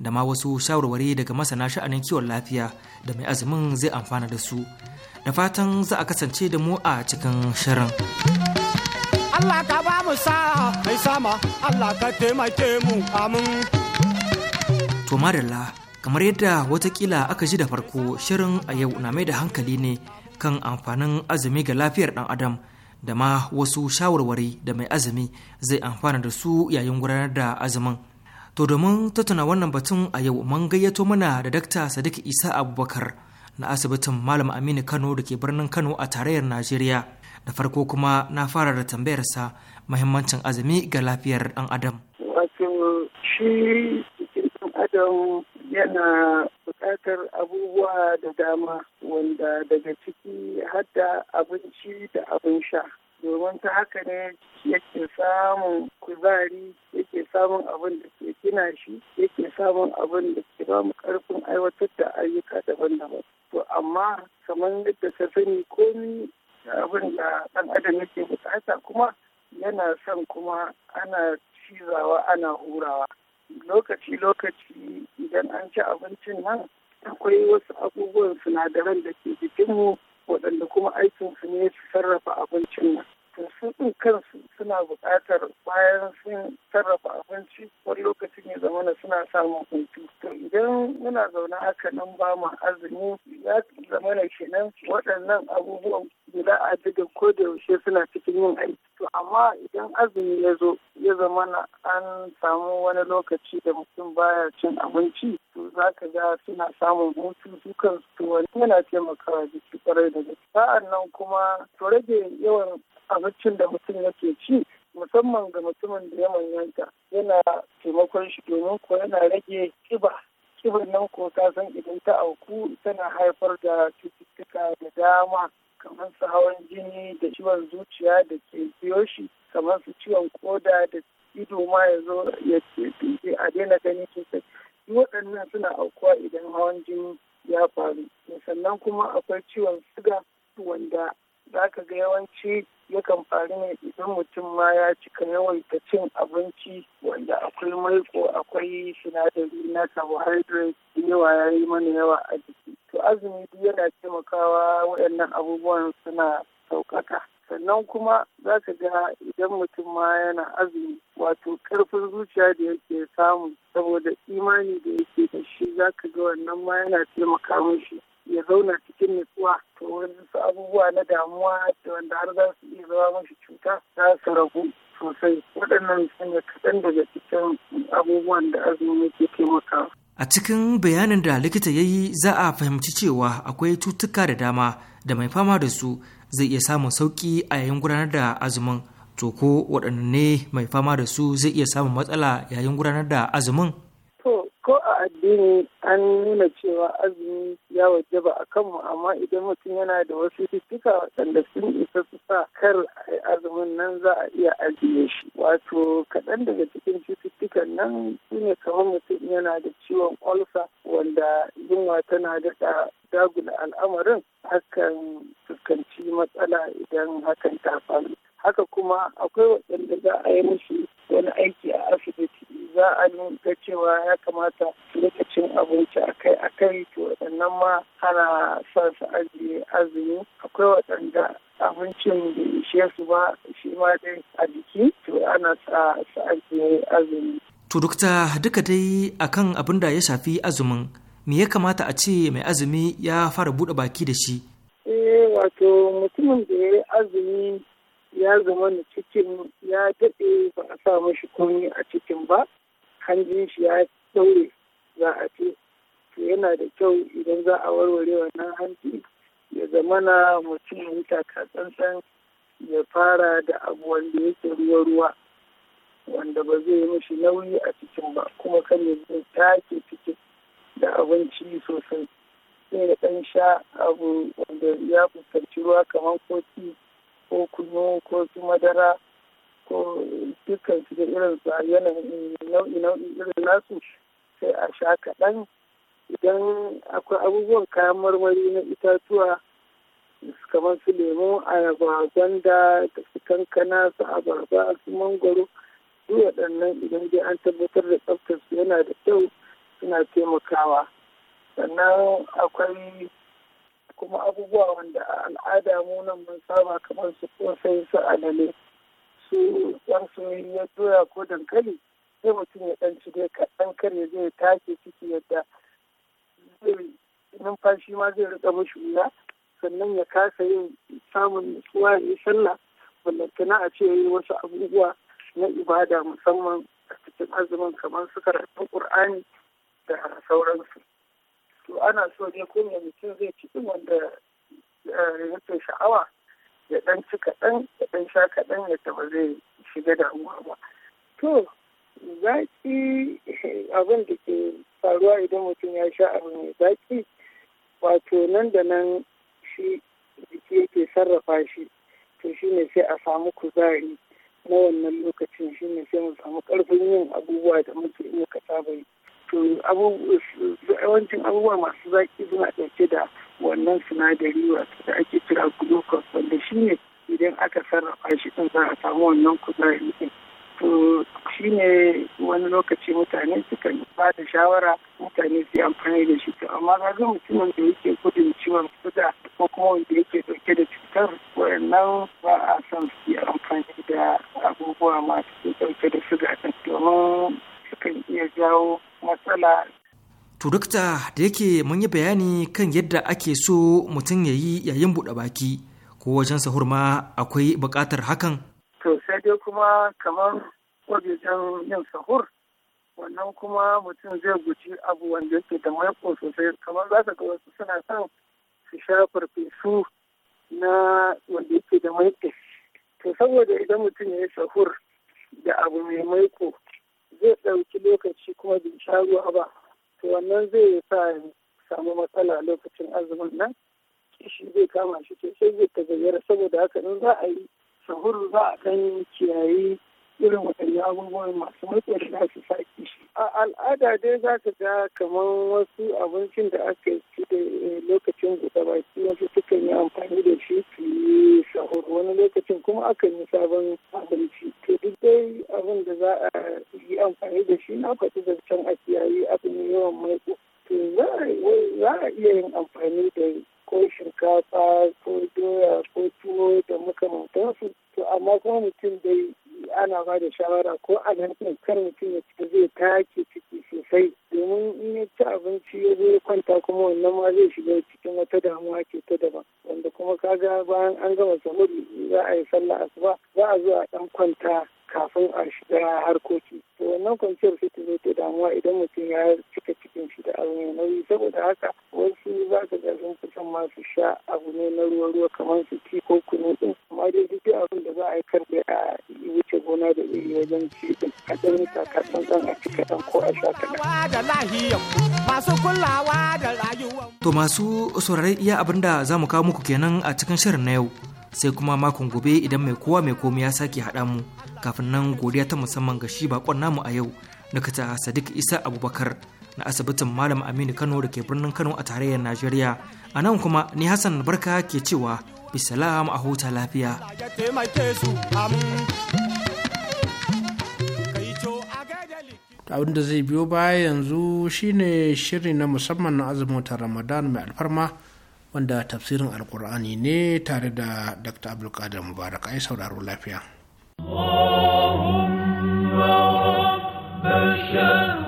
da ma wasu shawarwari daga masana sha'anin kiwon lafiya da mai azumin zai amfana da su da fatan za a kasance da mu a cikin shirin Allah ka ba mu sa mai sama Allah ka taimake mu amin to madalla kamar yadda watakila aka ji da farko shirin a yau na mai da hankali ne kan amfanin azumi ga lafiyar dan adam da ma wasu shawarwari da mai azumi zai amfana da su yayin gudanar da azumin To domin tattauna wannan batun a yau mun gayyato mana da Dakta Sadiq Isa Abubakar na asibitin Malam Aminu Kano da ke birnin Kano a tarayyar Najeriya. Da farko kuma na fara da tambayarsa muhimmancin azumi ga lafiyar ɗan adam. Wato shi ɗan adam yana buƙatar abubuwa da dama wanda daga ciki hadda abinci da abin sha. domin ta haka ne yake samun kuzari yake samun abin da ke gina shi yake samun abin da ke ba mu karfin aiwatar da ayyuka daban-daban to amma kamar yadda ka sani komi abin da ɗan adam yake bukata kuma yana son kuma ana cizawa ana hurawa lokaci-lokaci idan an ci abincin nan akwai wasu abubuwan sinadaran da ke jikinmu waɗanda kuma aikinsu ne su sarrafa abincin nan to su ɗin kansu suna buƙatar bayan sun sarrafa abinci wani lokacin ya zamana suna samun hutu to idan muna zaune haka nan ba mu azumi ya zama kenan waɗannan abubuwan guda a da ko da yaushe suna cikin yin aiki to amma idan azumi ya zo ya zama an samu wani lokaci da mutum baya cin abinci to za ka ga suna samun hutu su kansu to wani yana taimakawa jiki kwarai da gaske sa'an nan kuma to rage yawan abin abincin da mutum yake ci musamman ga mutumin da ya manyanta yana taimakon shi domin ko yana rage kiba kibar nan ko ta san idan ta auku tana haifar da cututtuka da dama kamar su hawan jini da ciwon zuciya da ke biyo shi kamar su ciwon koda da ido ma ya zo ya a daina gani sosai waɗannan suna aukuwa idan hawan jini ya faru sannan kuma akwai ciwon suga wanda za ka ga yawanci yakan faru ne idan mutum ma ya cika yawaita cin abinci wanda akwai maiko akwai sinadari na carbohydrate yawa ya yi mana yawa a jiki to azumi duk yana taimakawa waɗannan abubuwan suna saukaka sannan kuma za ka ga idan mutum ma yana azumi wato karfin zuciya da yake samu saboda imani da yake da shi za ka ga wannan ma yana taimaka mishi ya zauna cikin nutsuwa to wasu abubuwa na damuwa da wanda har za su iya zama mashi cuta za su ragu sosai waɗannan sun ne kaɗan daga cikin abubuwan da azumi ke taimakawa. A cikin bayanin da likita ya yi za a fahimci cewa akwai cutuka da dama da mai fama da su zai iya samun sauƙi a yayin gudanar da azumin. To ko waɗanne mai fama da su zai iya samun matsala yayin gudanar da azumin? ko a addini an nuna cewa azumi ya wajaba a kanmu amma idan mutum yana da wasu cututtuka waɗanda sun isa su sa kar azumin nan za a iya ajiye shi wato kaɗan daga cikin cututtukan nan sune ne kamar mutum yana da ciwon olsa wanda yunwa tana daɗa dagula al'amarin hakan fuskanci matsala idan hakan ta faru haka kuma akwai waɗanda za a yi musu wani aiki a asibiti za a nuna cewa ya kamata su rika cin abinci kai-a kai to waɗannan ma ana sa su ajiye azumi akwai waɗanda abincin da ishe su ba shi ma dai a jiki to ana sa su ajiye azumi. To dukta duka dai akan abin da ya shafi azumin me ya kamata a ce mai azumi ya fara buɗe baki da shi? Eh wato mutumin da ya yi azumi ya zama na cikin ya daɗe ba a sa mashi komi a cikin ba hanjin shi ya daure za a ce to yana da kyau idan za a warware wannan hanji ya zama na mutum ya yi tsantsan ya fara da abu wanda yake ruwa-ruwa wanda ba zai mashi nauyi a cikin ba kuma kan ya zai take cikin da abinci sosai sai da ɗan sha abu wanda ya fuskanci ruwa kamar kofi ko kunu ko su madara ko dukkan su da irin su a yanayin nau'i nau'i irin nasu sai a sha kaɗan idan akwai abubuwan kayan marmari na itatuwa kamar su lemu ayaba gwanda da su kankana su abarba su mangoro su waɗannan idan dai an tabbatar da tsaftar su yana da kyau suna taimakawa sannan akwai kuma abubuwa wanda a al'ada mu nan mun saba kamar su kosai su alale su yan soyayya doya ko dankali sai mutum ya dan ci dai kaɗan kar ya zai take ciki yadda zai numfashi ma zai rika mashi wuya sannan ya kasa yin samun nutsuwa ya yi sallah ballantana a ce yi wasu abubuwa na ibada musamman a cikin azumin kamar su karatun ƙur'ani da sauransu. to ana so ne ko me mutum zai cikin wanda eh, ya ke sha'awa ya dan ci kaɗan ya dan sha kaɗan ya taɓa zai shiga damuwa ba to zaƙi abin da ke faruwa idan mutum ya sha abu mai zaƙi wato nan da nan shi jiki yake sarrafa shi to shi ne sai a samu kuzari na wannan lokacin shi ne sai mu samu ƙarfin yin abubuwa da muke ka saba yi to yawancin abubuwa masu zaki suna ɗauke da wannan sinadari wato da ake kira glucose wanda shi ne idan aka sarrafa shi ɗin za a samu wannan kuzari ɗin to shi ne wani lokaci mutane sukan ba da shawara mutane su yi amfani da shi amma ga mutumin da yake gudun ciwon suga ko kuma wanda yake ɗauke da cutar wayannan ba a son su yi amfani da abubuwa masu dauke da suga domin sukan iya jawo matsala To dokta da yake mun yi bayani kan yadda ake so mutum ya yi yayin buɗe baki ko wajen sahur akwai buƙatar hakan? To sai dai kuma kamar wajen yin sahur wannan kuma mutum zai guji abu wanda yake da maiko sosai kamar za ka ga wasu suna son su sha farfesu na wanda yake da maiko. To saboda idan mutum ya yi sahur da abu mai maiko zai ɗauki lokaci kuma bai sha ruwa ba to wannan zai sa ya samu matsala lokacin azumin nan kishi zai kama shi sosai zai ta gayyara saboda haka in za a yi sahuru za a kan kiyayi irin waɗannan abubuwan masu matsayin da su sake shi. A al'ada dai za ka ga kamar wasu abincin da aka ci da eh, lokacin ba shi wasu suka yi amfani da shi su yi sahur wani lokacin kuma akan yi sabon abinci. To duk dai abin da za a yi amfani da shi na faɗi can a kiyaye abin yawan maiko. To za a iya yin amfani da ko shinkafa ko doya ko tuwo da makamantansu. to amma kuma mutum dai ana ba da shawara ko a nan kar mutum ya ci zai take ciki sosai domin in ya ci abinci ya zo ya kwanta kuma wannan ma zai shiga cikin wata damuwa ce ta daban wanda kuma kaga bayan an gama sahuri za a yi sallah asuba za a zo a dan kwanta kafin a shiga harkoki to wannan kwanciyar sai ta zo ta damuwa idan mutum ya cika cikin shi da abu mai nauyi saboda haka wasu za ka ga sun fi son ma sha abu ne na ruwa-ruwa kamar su ti ko kunu din amma dai duk abin da za a yi karbe a yi wuce gona da iri wajen cikin a ɗan taka zan a cika ɗan ko a sha masu kulawa da rayuwa. To masu saurare iya abin da za mu kawo muku kenan a cikin shirin na yau. sai kuma makon gobe idan mai kowa mai komi ya sake haɗa mu kafin nan godiya ta musamman ga shi bakon namu a yau na kata sadiq isa abubakar na asibitin malam aminu kano da ke birnin kano a tarayyar najeriya a nan kuma ni hassan barka ke cewa bisalam a huta lafiya abin da zai biyo baya yanzu shine shirin na musamman na azumin watan ramadan mai alfarma wanda tafsirin alkur'ani ne tare da dr abdulkadir mubarak ai sauraro lafiya Allahumma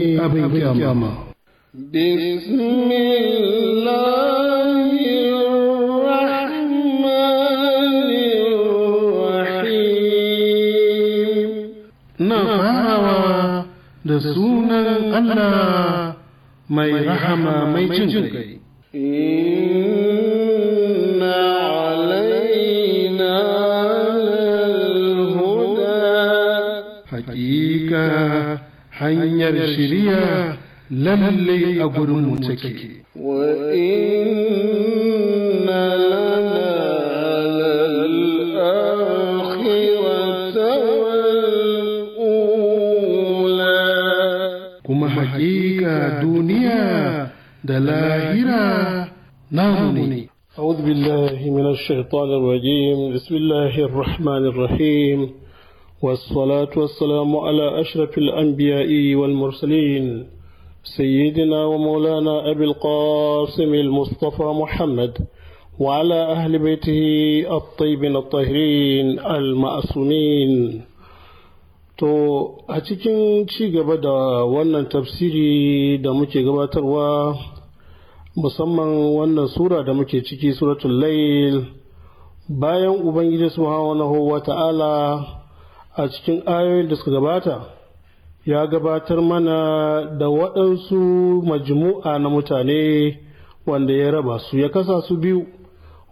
kafin kyama. Na farawa da sunan Allah mai rahama mai cin kai. hanyar shiriya lallai a gurin mu take wa inna lana kuma haƙiƙa duniya da lahira namu ne أعوذ بالله من الشيطان الرجيم بسم الله الرحمن الرحيم والصلاة والسلام على أشرف الأنبياء والمرسلين سيدنا ومولانا أبي القاسم المصطفى محمد وعلى أهل بيته الطيبين الطاهرين المأسونين To, a cikin ci gaba da wannan tafsiri da muke gabatarwa musamman wannan sura da muke ciki suratul layl bayan Ubangiji Subhanahu wa ta'ala a cikin ayoyin da suka gabata ya gabatar mana da waɗansu majmu'a na mutane wanda ya raba su ya kasa su biyu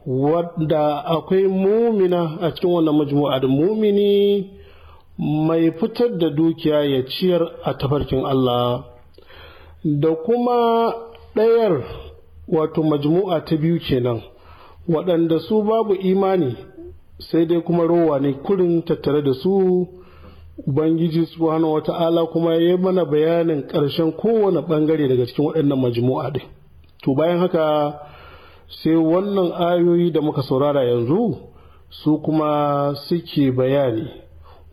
wadda akwai mumina a cikin wannan majmu'a da mumini mai fitar da dukiya ya ciyar a tafarkin Allah da kuma ɗayar wato majmu'a ta biyu kenan waɗanda su babu imani sai dai kuma rowa ne kurin tattare da su ubangiji subhanahu wata'ala kuma ya yi mana bayanin ƙarshen kowane ɓangare daga cikin waɗannan majmu'a ɗin to bayan haka sai wannan ayoyi da muka saurara yanzu su kuma suke bayani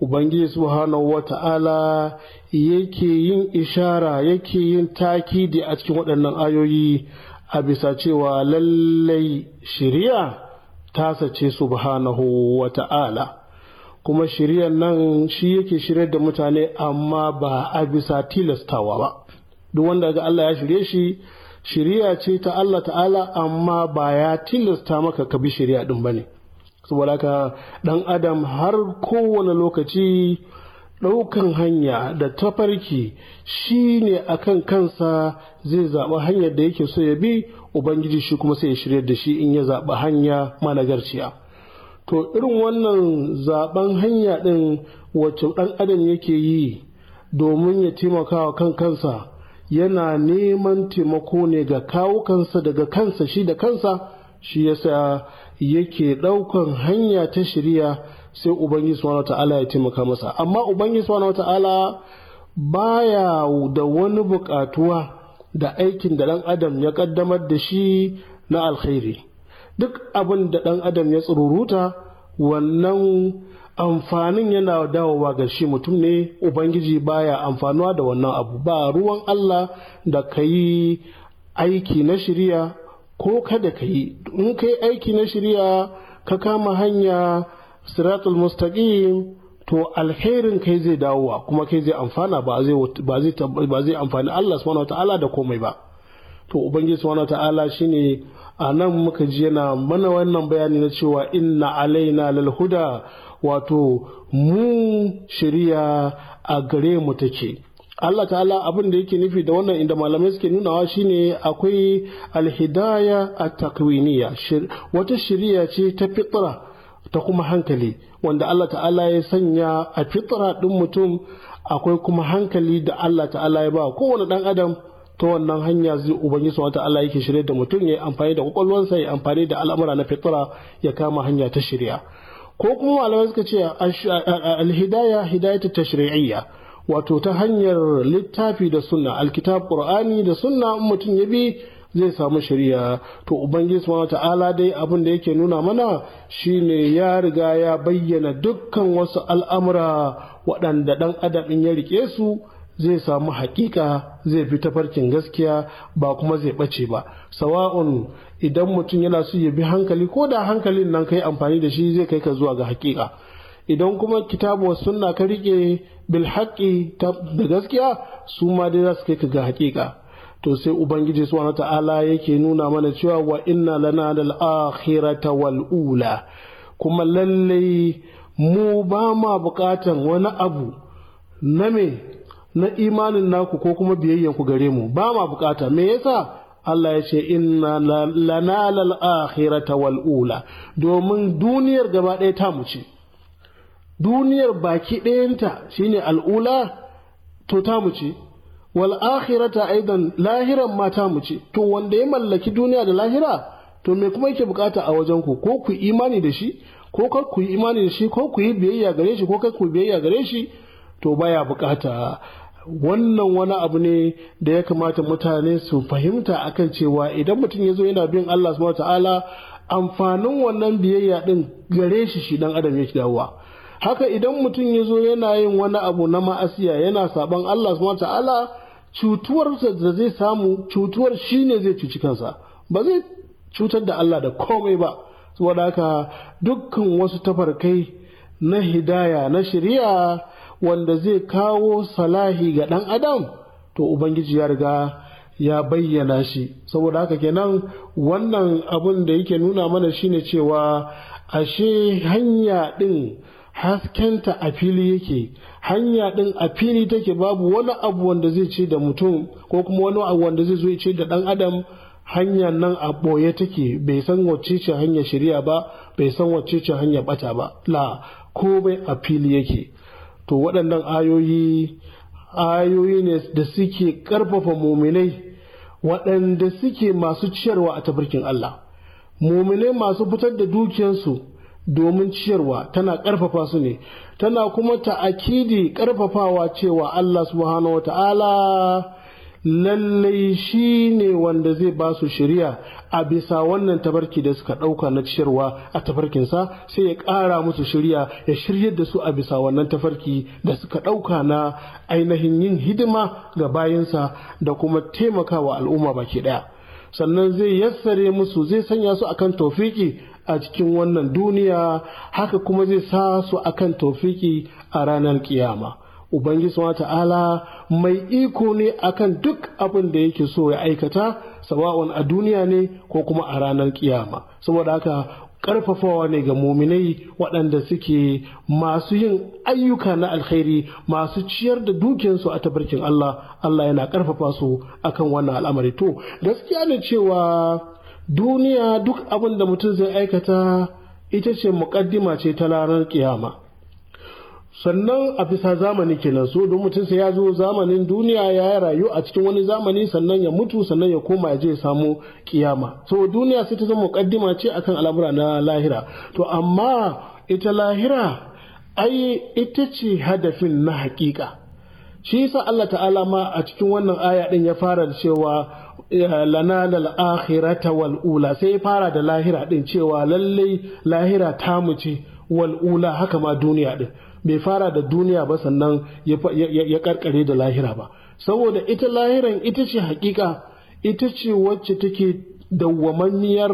ubangiji subhanahu wata'ala yake yin ishara yake yin takidi a cikin waɗannan ayoyi a bisa cewa lallai shari'a tasa ce subhanahu wa ta'ala kuma shirya nan shi yake shiryar da mutane amma ba a bisa tilastawa ba duk wanda ga Allah ya shirye shi shirya ce ta Allah ta'ala amma ba ya tilasta maka ka bi shirya din bane saboda haka dan adam har kowane lokaci ɗaukan hanya da tafarki shi ne a kansa zai zaɓi hanyar da yake so ya bi ubangiji shi kuma sai ya shirya da shi in ya zaɓi hanya managarciya to irin wannan zaɓen hanya ɗin wacce ɗan adam yake yi domin ya taimakawa kan kansa yana neman taimako ne ga kawo kansa daga kansa shi da kansa shi yasa yake ɗaukan hanya ta shirya sai ubangiji subhanahu ta'ala ya taimaka masa amma ubangiji subhanahu ta'ala baya da wani buƙatuwa da aikin da ɗan adam ya ƙaddamar da shi na alkhairi duk abin da ɗan adam ya tsururuta wannan amfanin yana dawowa ga shi mutum ne ubangiji baya amfanuwa da wannan abu ba ruwan Allah da ka yi aiki na shirya ko kada ka yi in ka yi aiki na shirya ka kama hanya siratul mustaqim to alherin kai zai dawowa kuma kai zai amfana ba zai amfani Allah subhanahu ta'ala da komai ba to ubangiji subhanahu ta'ala shine a nan muka ji yana mana wannan bayani na cewa inna alaina lal huda wato mu shari'a a gare mu take Allah ta'ala abin da yake nufi da wannan inda malamai suke nunawa shine akwai alhidaya a takwiniya wata shari'a ce ta fitra ta kuma hankali wanda Allah ta'ala ya sanya a fitra ɗin mutum akwai kuma hankali da Allah ta'ala ya ba kowane ɗan adam ta wannan hanya zai su wata Allah yake shirya da mutum ya yi amfani da kwakwalwansa ya amfani da al'amura na fitra ya kama hanya ta shirya ko kuma malamai suka ce alhidaya hidayatu tashri'iyya wato ta hanyar littafi da sunna alkitab qur'ani da sunna mutum ya bi zai samu shari'a to ubangiji subhanahu ta'ala dai abin da yake nuna mana shine ya riga ya bayyana dukkan wasu al'amura waɗanda ɗan adam in ya rike su zai samu haƙiƙa zai fi farkin gaskiya ba kuma zai ɓace ba sawa'un idan mutum yana so ya bi hankali ko da hankalin nan kai amfani da shi zai kai ka zuwa ga haƙiƙa idan kuma kitabu sunna ka riƙe bilhaki da gaskiya su ma dai za su kai ka ga hakika to sai ubangiji subhanahu ta'ala yake nuna mana cewa wa inna lana lal akhirata wal ula kuma lallai mu ba ma bukatan wani abu na me na imanin naku ko kuma biyayyan ku gare mu ba ma bukata me yasa Allah ya ce inna lana lal akhirata wal ula domin duniyar gaba ɗaya ta mu ce duniyar baki ɗayanta shine al'ula to ta mu ce wal akhirata aidan lahiran mata mu ce to wanda ya mallaki duniya da lahira to me kuma yake bukata a wajen ku ko ku imani da shi ko kar ku imani da shi ko ku yi biyayya gare shi ko kar ku biyayya gare shi to baya bukata wannan wani abu ne da ya kamata mutane su fahimta akan cewa idan mutum ya zo yana bin Allah subhanahu ta'ala amfanin wannan biyayya din gare shi shi dan adam yake dawowa haka idan mutum ya zo yana yin wani abu na ma'asiya yana saban Allah subhanahu ta'ala cutuwarsa da zai samu cutuwar shi ne zai cuci kansa ba zai cutar da Allah da komai ba saboda haka dukkan wasu tafarkai na hidaya na shirya wanda zai kawo salahi ga ɗan adam to ubangiji ya riga ya bayyana shi saboda haka kenan wannan abin da yake nuna mana shine cewa ashe hanya ɗin haskenta a fili yake hanya ɗin a fili take babu wani abu wanda zai ce da mutum ko kuma wani abu wanda zai zo ce da ɗan adam hanya nan a ɓoye take bai san wacce ce hanyar shari'a ba bai san wacce ce hanyar bata ba la komai a fili yake to waɗannan ayoyi ayoyi ne da suke ƙarfafa muminai waɗanda suke masu ciyarwa a tafarkin Allah muminai masu fitar da dukiyarsu domin ciyarwa tana ƙarfafa su ne tana kuma ta'akidi ƙarfafawa cewa Allah subhanahu wa ta'ala lallai shi ne wanda zai ba su shirya a bisa wannan tabarki da suka ɗauka na ciyarwa a tafarkinsa sai ya ƙara musu shirya ya shiryar da su a bisa wannan tafarki da suka ɗauka na ainihin yin hidima ga bayansa da kuma taimakawa al'umma baki ɗaya sannan zai yassare musu zai sanya su akan tofiki a cikin wannan duniya haka kuma zai sa su akan taufiki a ranar kiyama ubangiji wa ta'ala mai iko ne akan duk abin da yake so ya aikata sawa'un a duniya ne ko kuma a ranar kiyama saboda haka karfafawa ne ga muminai waɗanda suke masu yin ayyuka na alkhairi masu ciyar da dukiyarsu a tabarkin Allah Allah yana karfafa su akan wannan al'amari to gaskiya ne cewa duniya duk abin da mutum zai aikata ita ce muƙaddima ce ta ranar kiyama sannan a bisa zamani kenan so don mutum sai ya zo zamanin duniya ya yi rayu a cikin wani zamani sannan ya mutu sannan ya koma ya je ya samu kiyama so duniya sai ta zama muƙaddima ce akan al'amura na lahira to amma ita lahira ai ita ce hadafin na hakika shi yasa Allah ta'ala ma a cikin wannan aya din ya fara cewa Eh, lana lal akhirata wal ula sai ya fara da lahira din cewa lallai lahira ta mu ce wal haka ma duniya din bai fara da duniya ba sannan ya karkare da lahira ba saboda ita lahiran ita ce hakika ita ce wacce take dawwamanniyar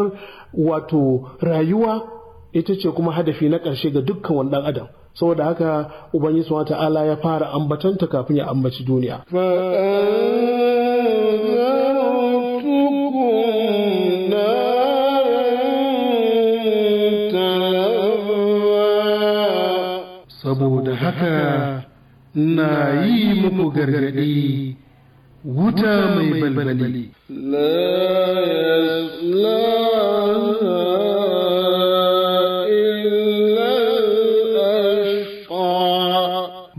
wato rayuwa ita ce kuma hadafi na ƙarshe ga dukkan wannan ɗan adam saboda haka ubangiji subhanahu ta'ala ya fara ambatanta kafin ya ambaci duniya na yi muku gargaɗi wuta mai balbali.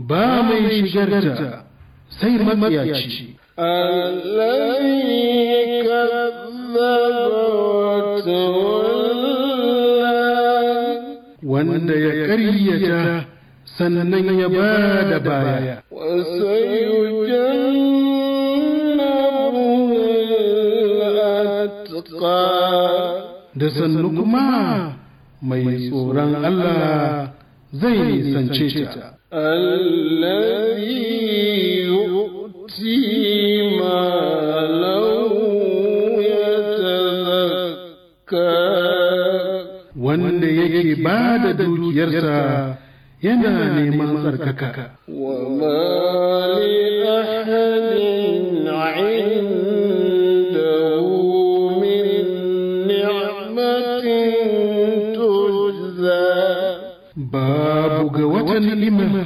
Ba mai shigarta sai matsiyaci. الذي كذب وتولى وأن يكريته sannan ya ba da baya. Da sannu kuma mai tsoron Allah zai nisance ta. Wanda yake ba da dukiyarsa yana neman tsarkaka. Babu ga wata ni'ima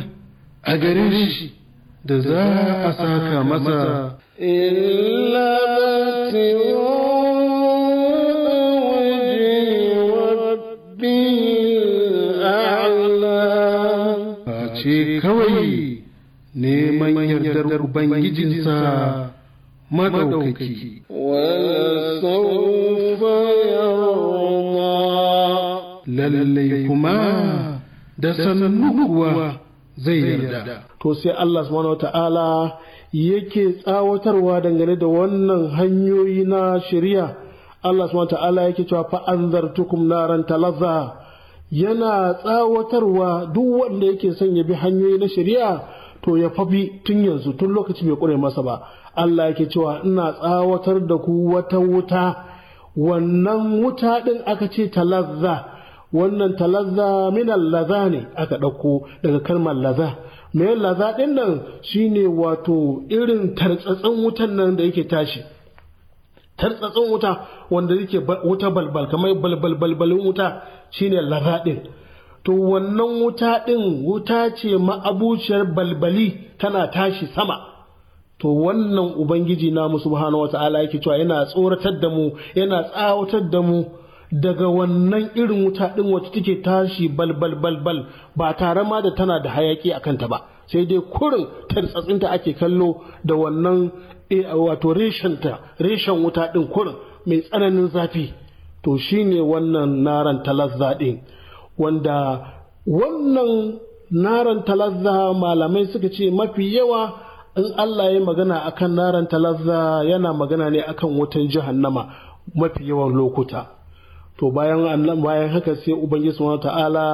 a gare shi da za a saka masa. ubangijinsa madaukaki lallai kuma da sanannu kuwa zai yarda to sai Allah subhanahu ta'ala yake tsawatarwa dangane da wannan hanyoyi na shari'a Allah subhanahu ta'ala yake cewa fa anzartukum naran talazza yana tsawatarwa duk wanda yake son ya bi hanyoyi na shari'a to ya fafi tun yanzu tun lokaci bai kure masa ba Allah yake cewa ina tsawatar da ku wata wuta wannan wuta din aka ce talazza wannan talazza min laza ne aka ɗauko daga kalmar laza me laza din nan shine wato irin tartsatsin wutan nan da yake tashi tartsatsin wuta wanda yake wuta balbal kamar balbal balbalin wuta shine laza din to wannan wuta ɗin wuta ce ma'abuciyar balbali tana tashi sama to wannan ubangiji namu subhanahu wata'ala yake cewa yana tsoratar da mu yana tsawatar da mu daga wannan irin wuta ɗin wacce take tashi balbal balbal ba tare ma da tana da hayaki a kanta ba sai dai kurin tarsatsinta ake kallo da wannan eh, wato reshenta reshen wuta ɗin kurin mai tsananin zafi to shine wannan naran talazza ɗin wanda wannan naran talazza malamai suka ce mafi yawa in Allah ya magana akan naran talazza yana magana ne akan wutan jahannama mafi yawan lokuta to bayan annan bayan haka sai ubangiji subhanahu ta'ala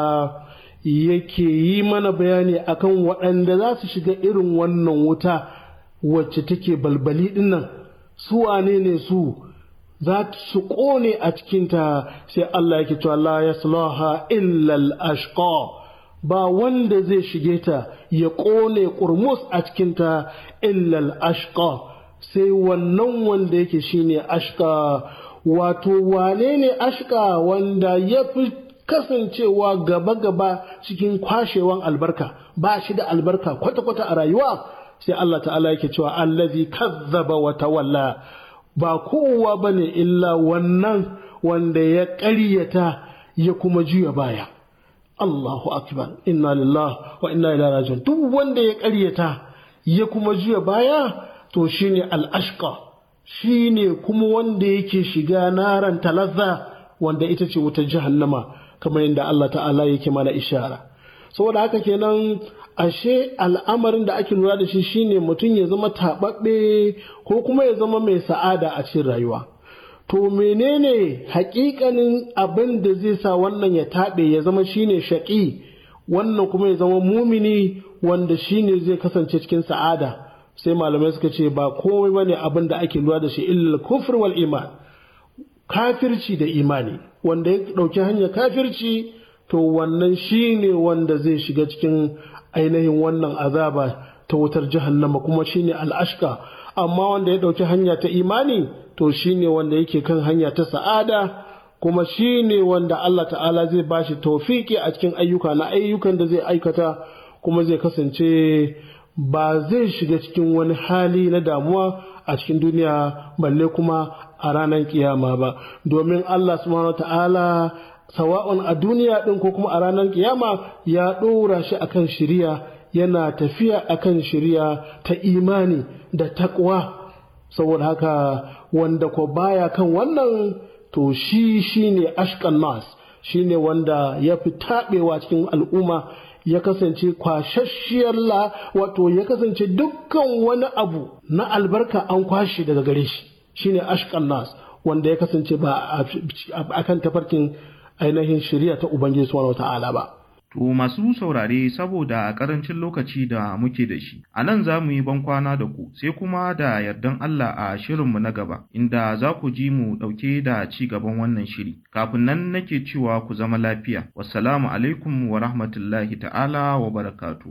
yake yi mana bayani akan waɗanda za su shiga irin wannan wuta wacce take balbali dinnan su wane ne su za su ƙone a cikinta sai Allah yake cewa la yaslaha illa al-ashqa ba wanda zai shige ta ya ƙone ƙurmus a cikinta illal ashqa sai wannan wanda yake shine ashqa wato wane ne ashqa wanda ya fi kasancewa gaba-gaba cikin kwashewan albarka ba shi da albarka kwata-kwata a rayuwa sai Allah ta'ala yake cewa allazi kazzaba wa tawalla ba kowa ba ne illa wannan wanda ya ƙaryata ya kuma juya baya Allahu akbar inna lillah wa inna ilaihi raji'un duk wanda ya ƙaryata ya kuma juya baya to shine al'ashqa shine kuma wanda yake shiga naran talazza wanda ita ce wutar jahannama kamar yadda Allah ta'ala yake mana ishara saboda haka kenan ashe al'amarin da ake lura da shi shine mutum ya zama taɓaɓɓe ko kuma ya zama mai sa'ada a cikin rayuwa to menene haƙiƙanin abin da zai sa wannan ya taɓe ya zama shine shaƙi wannan kuma ya zama mumini wanda shine zai kasance cikin sa'ada sai malamai suka ce ba komai bane abin da ake lura da shi illal kufr wal iman kafirci da imani wanda ya ɗauki hanya kafirci to wannan shine wanda zai shiga cikin ainihin wannan azaba ta wutar jahannama kuma shine al'ashka amma wanda ya ɗauki hanya ta imani to shine wanda yake kan hanya ta sa'ada kuma shine wanda Allah ta'ala zai bashi taufiki a cikin ayyuka na ayyukan da zai aikata kuma zai kasance ba zai shiga cikin wani hali na damuwa a cikin duniya balle kuma a ranar kiyama ba domin Allah subhanahu ta'ala sawa'un a duniya ɗin ko kuma a ranar kiyama ya ɗora shi akan shiriya yana tafiya akan shiriya ta imani da takwa saboda haka wanda ko baya kan wannan to shi shine ashkan nas shine wanda ya fi taɓewa cikin al'umma ya kasance kwashashshiyar la wato ya kasance dukkan wani abu na albarka an kwashe daga gare shi shine ashkan nas wanda ya kasance ba a kan tafarkin ainihin shirya ta ubangiji subhanahu ta'ala ba To masu saurare saboda a ƙarancin lokaci da muke da shi, a nan za mu yi bankwana da ku sai kuma da yardan Allah a shirinmu na gaba, inda za ku ji mu ɗauke da ci gaban wannan shiri. Kafin nan nake cewa ku zama lafiya. Wassalamu alaikum wa rahmatullahi ta'ala wa barakatu.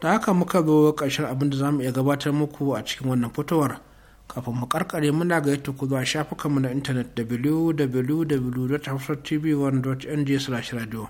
Ta haka muka zo ƙarshen abin da za mu iya gabatar muku a cikin wannan fitowar. kafin mu karkare muna ga yadda ku zuwa shafukanmu na intanet wwwhafsattv 1ng radio